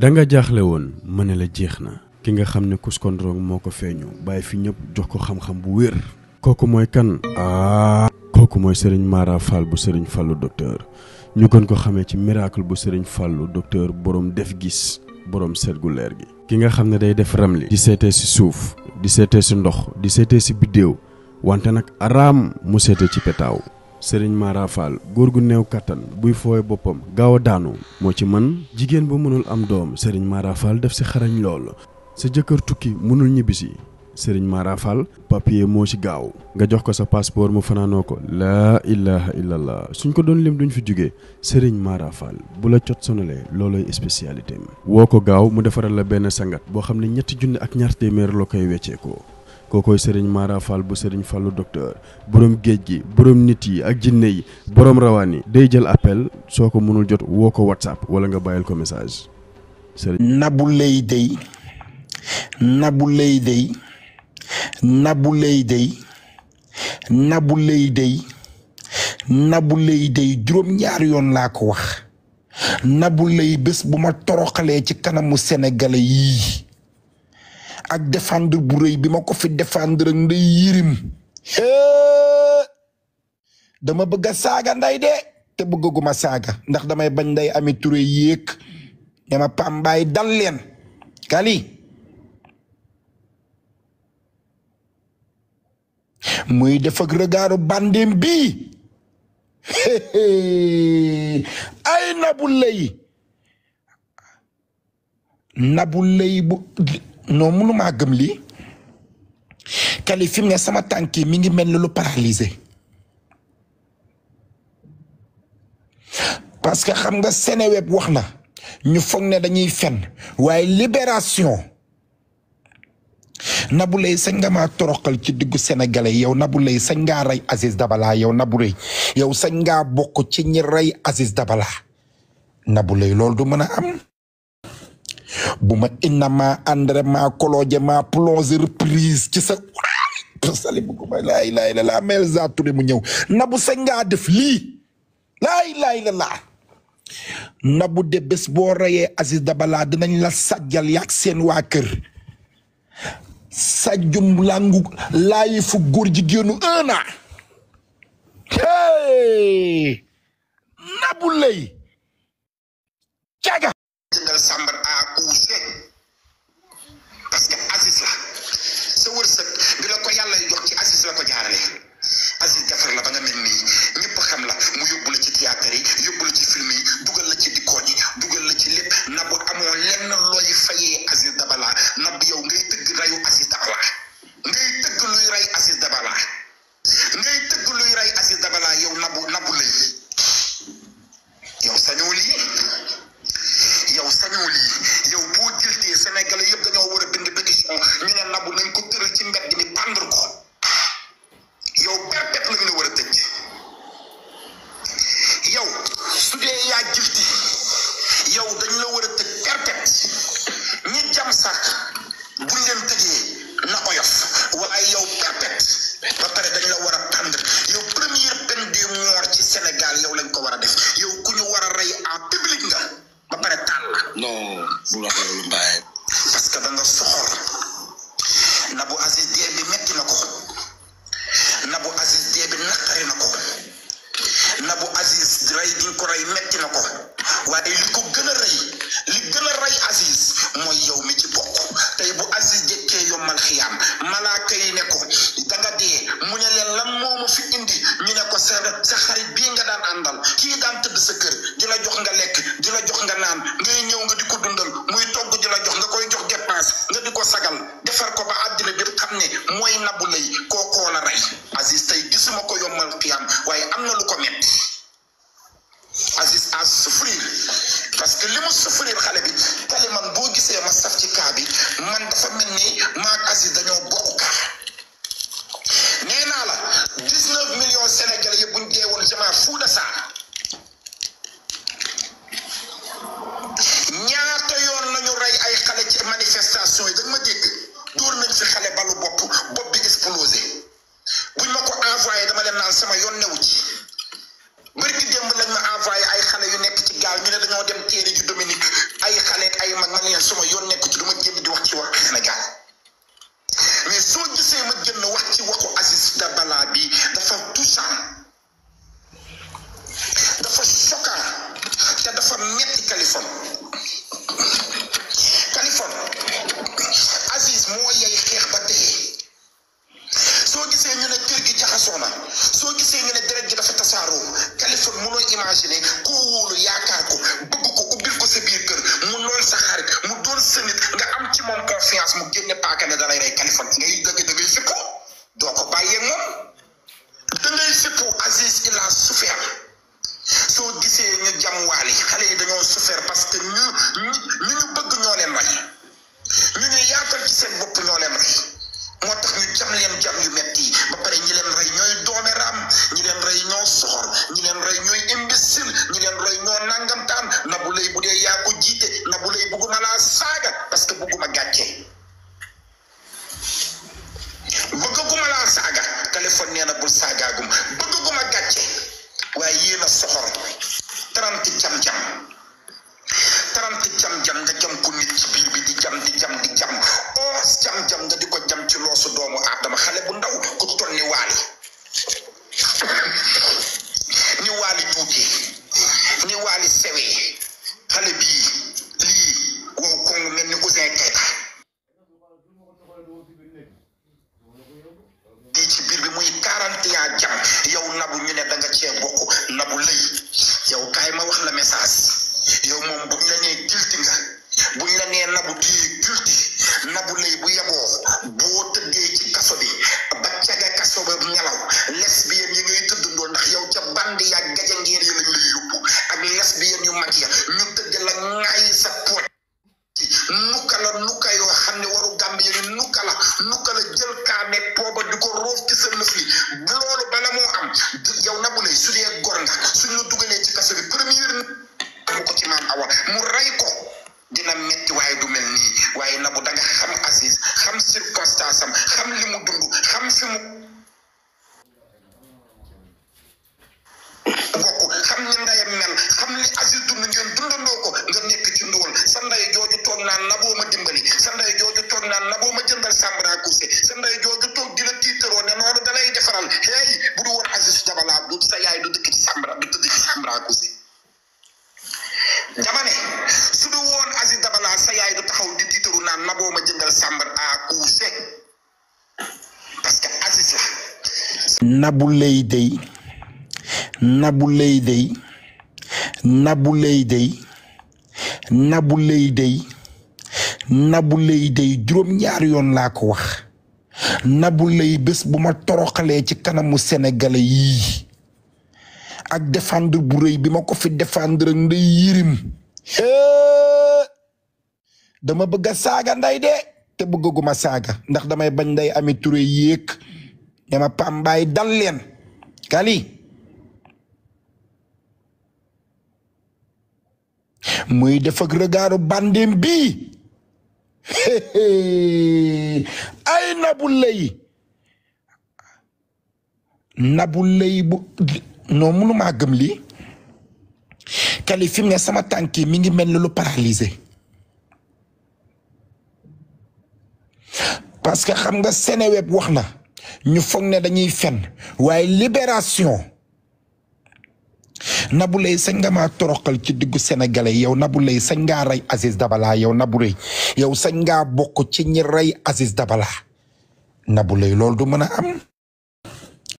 da nga jaaxle woon ma ne la jeex na ki nga xam ne Kuskondorong moo ko feeñu bàyyi fi ñëpp jox ko xam-xam bu wér. kooku mooy kan. ah kooku mooy Serigne Mara bu Serigne Fallou docteur ñu gën ko xamee ci miracle bu Serigne Fallou docteur borom def gis borom seet gu leer gi. ki nga xam ne day def ramli. di seetee si suuf di seetee si ndox di seetee si biddéew wante nag araam mu seetee ci petaaw. Serigne Mara góor gu néew kattan buy fooy boppam gaaw a daanu moo ci man jigéen bu mënul am doom Serigne Mara Fall def si xarañ lool sa jëkkër tukki mënul ñibbisi Serigne Mara Fall moo ci gaaw nga jox ko sa passeport mu fanaanoo ko laa ilaha illallah suñ ko doon lim duñ fi jóge Serigne Mara Fall bu la cot sonalee looloy spécialité mi woo ko gaaw mu defaral la benn sangat boo xam ne ñetti junni ak ñaar téeméer loo koy wecceekoo kookooy sëriñ Mara bu sëriñ Fallu docteur boroom géej gi borom nit yi ak jinne yi borom rawaan yi day jël appel soo ko mënul jot woo ko whatsapp wala nga bàyyil ko message. sëriñ Nabou Leye Dey Nabou Leye Dey Nabou Leye Dey Nabou Leye juróom-ñaari yoon laa ko wax nabu lay bés bu ma toroxalee ci kanamu senegale yii. ak défendre bu rëy bi ma ko fi défendre ak nday yirim dama bëgg a saaga nday de te bëggaguma saaga ndax damay bañ nday ami Touré yéeg ne ma pambaay dal leen kali muy def ak regaaru bandem bii ay nabu lay nabu lay bu non mënumaa gëm lii kali fi ne sama tànk yi mi ngi mel na lu paralysé parce que xam nga Seneweb wax na ñu foog ne dañuy fen waaye libération Nabou Leye sañ nga ma toroxal ci diggu sénégalais yow Nabou Leye sañ ngaa rey Aziz Dabala yow Nabou Leye yow sañ ngaa bokk ci ñi rey Aziz Dabala Nabou Leye loolu du mën a am bu ma innamaa endrament kolojement plongé reprise ci sa sali bu ko may laa ilaaha illallaah mu ñëw nabu sa ngaa def lii laa ilaaha illallaah nabu de bés boo reyee Aziz Dabala dinañ la sajjal yaag seen waa kër sajjum langu laayi fu góor jigéenu un an nabu lay caga Aziz Dabala yow nabu nabu lay yow sañoo lii yow sañoo lii yow boo jëltee Sénégalais yëpp dañoo war a bind pétition ñu ne nabu nañ ko tëral ci mbedd mi pendre ko yow perpète lañ la war a tëj yow su dee yaa jëlti yow dañ la war a tëj perpète ñi jam sax tëjee na oyof waaye yow perpète ba pare dañ la war a bu wax loolu mbaayam sagal defar ko ba àddina bépp xam ne mooy nabu lay kookoo la rey Aziz tey gisuma ko yombal xiyaam waaye am na lu ko metti Aziz a souffrir parce que li mu souffrir xale bi tali man boo gisee ma saf ci kaa bi man dafa mel ni maag Aziz dañoo bokk kaa nee naa la dix-neuf millions Sénégalais yëpp jamaa fuu da saa ñu dem teeri ji Dominique ay xale ay mag man yoon nekk ci lu ma di wax ci waxu Sénégal mais ma génn wax ci waxu Aziz dafa touchant dafa te dafa metti Kaliphone Kaliphone Aziz moo yey xeex ba dee soo gisee ñu ne kër gi jaxasoo na soo gisee ñu ne deret gi dafa tasaaroo Kaliphone mënoo imaginer koo wóolu yaakaar place mu génne paaka ne dalay rey Californie ngay dëgg da doo ko bàyyee moom da ngay sippu il a souffert soo gisee ñu jam waal yi xale yi dañoo souffert parce que ñu ñu ñu bëgg ñoo leen rey ñu ñu yaatal ci seen bopp ñoo leen rey moo tax ñu jam leen jam yu metti yi ba pare ñi leen rey ñooy doome ñi leen rey ñoo soxor ñi leen rey ñooy imbécile ñi leen rey ñoo nangamtaan na bu lay bu dee yaa ko jiite na bu lay bugg laa saaga yow nabu ñu ne da nga ceeb keneen xam ne Aziz dund ngeen dundandoo ko nga nekk ci sa ndey jooju toog naan na boo ma dimbali sa ndey jooju toog naan na boo ma jëndal sambara kuuse du dama ne su du woon Aziz Dabala sa yaay du taxaw di tiitaru naan na boo ma jëndal sambara kuuse parce que Aziz la. Nabou Leye dey Nabou Leye nabu Leye dey nabu Leye dey Nabou Leye dey juróom-ñaari yoon laa ko wax Nabou Leye bés bu ma toroxalee ci kanamu sénégalais yii ak défendre bu rëy bi ma ko fi défendre ak ndey yirim dama bëgg a saaga nday de te bëggaguma saaga ndax damay bañ nday ami Touré yéeg dama pambaay dal leen kali muy def ak regard bandem bii ay nabu lay nabu lay bu non munu maa gëm lii ne sama tànk mi ngi mel ni lu paralysé parce que xam nga Seneweb wax na ñu foog ne dañuy fen waaye libération Nabou Leye sañ nga maa ci diggu sénégalais yow nabu Leye sañ ngaa rey Aziz Dabala yow Nabou Leye yow sañ ngaa bokk ci ñi rey Aziz Dabala Nabou Leye loolu du mën a am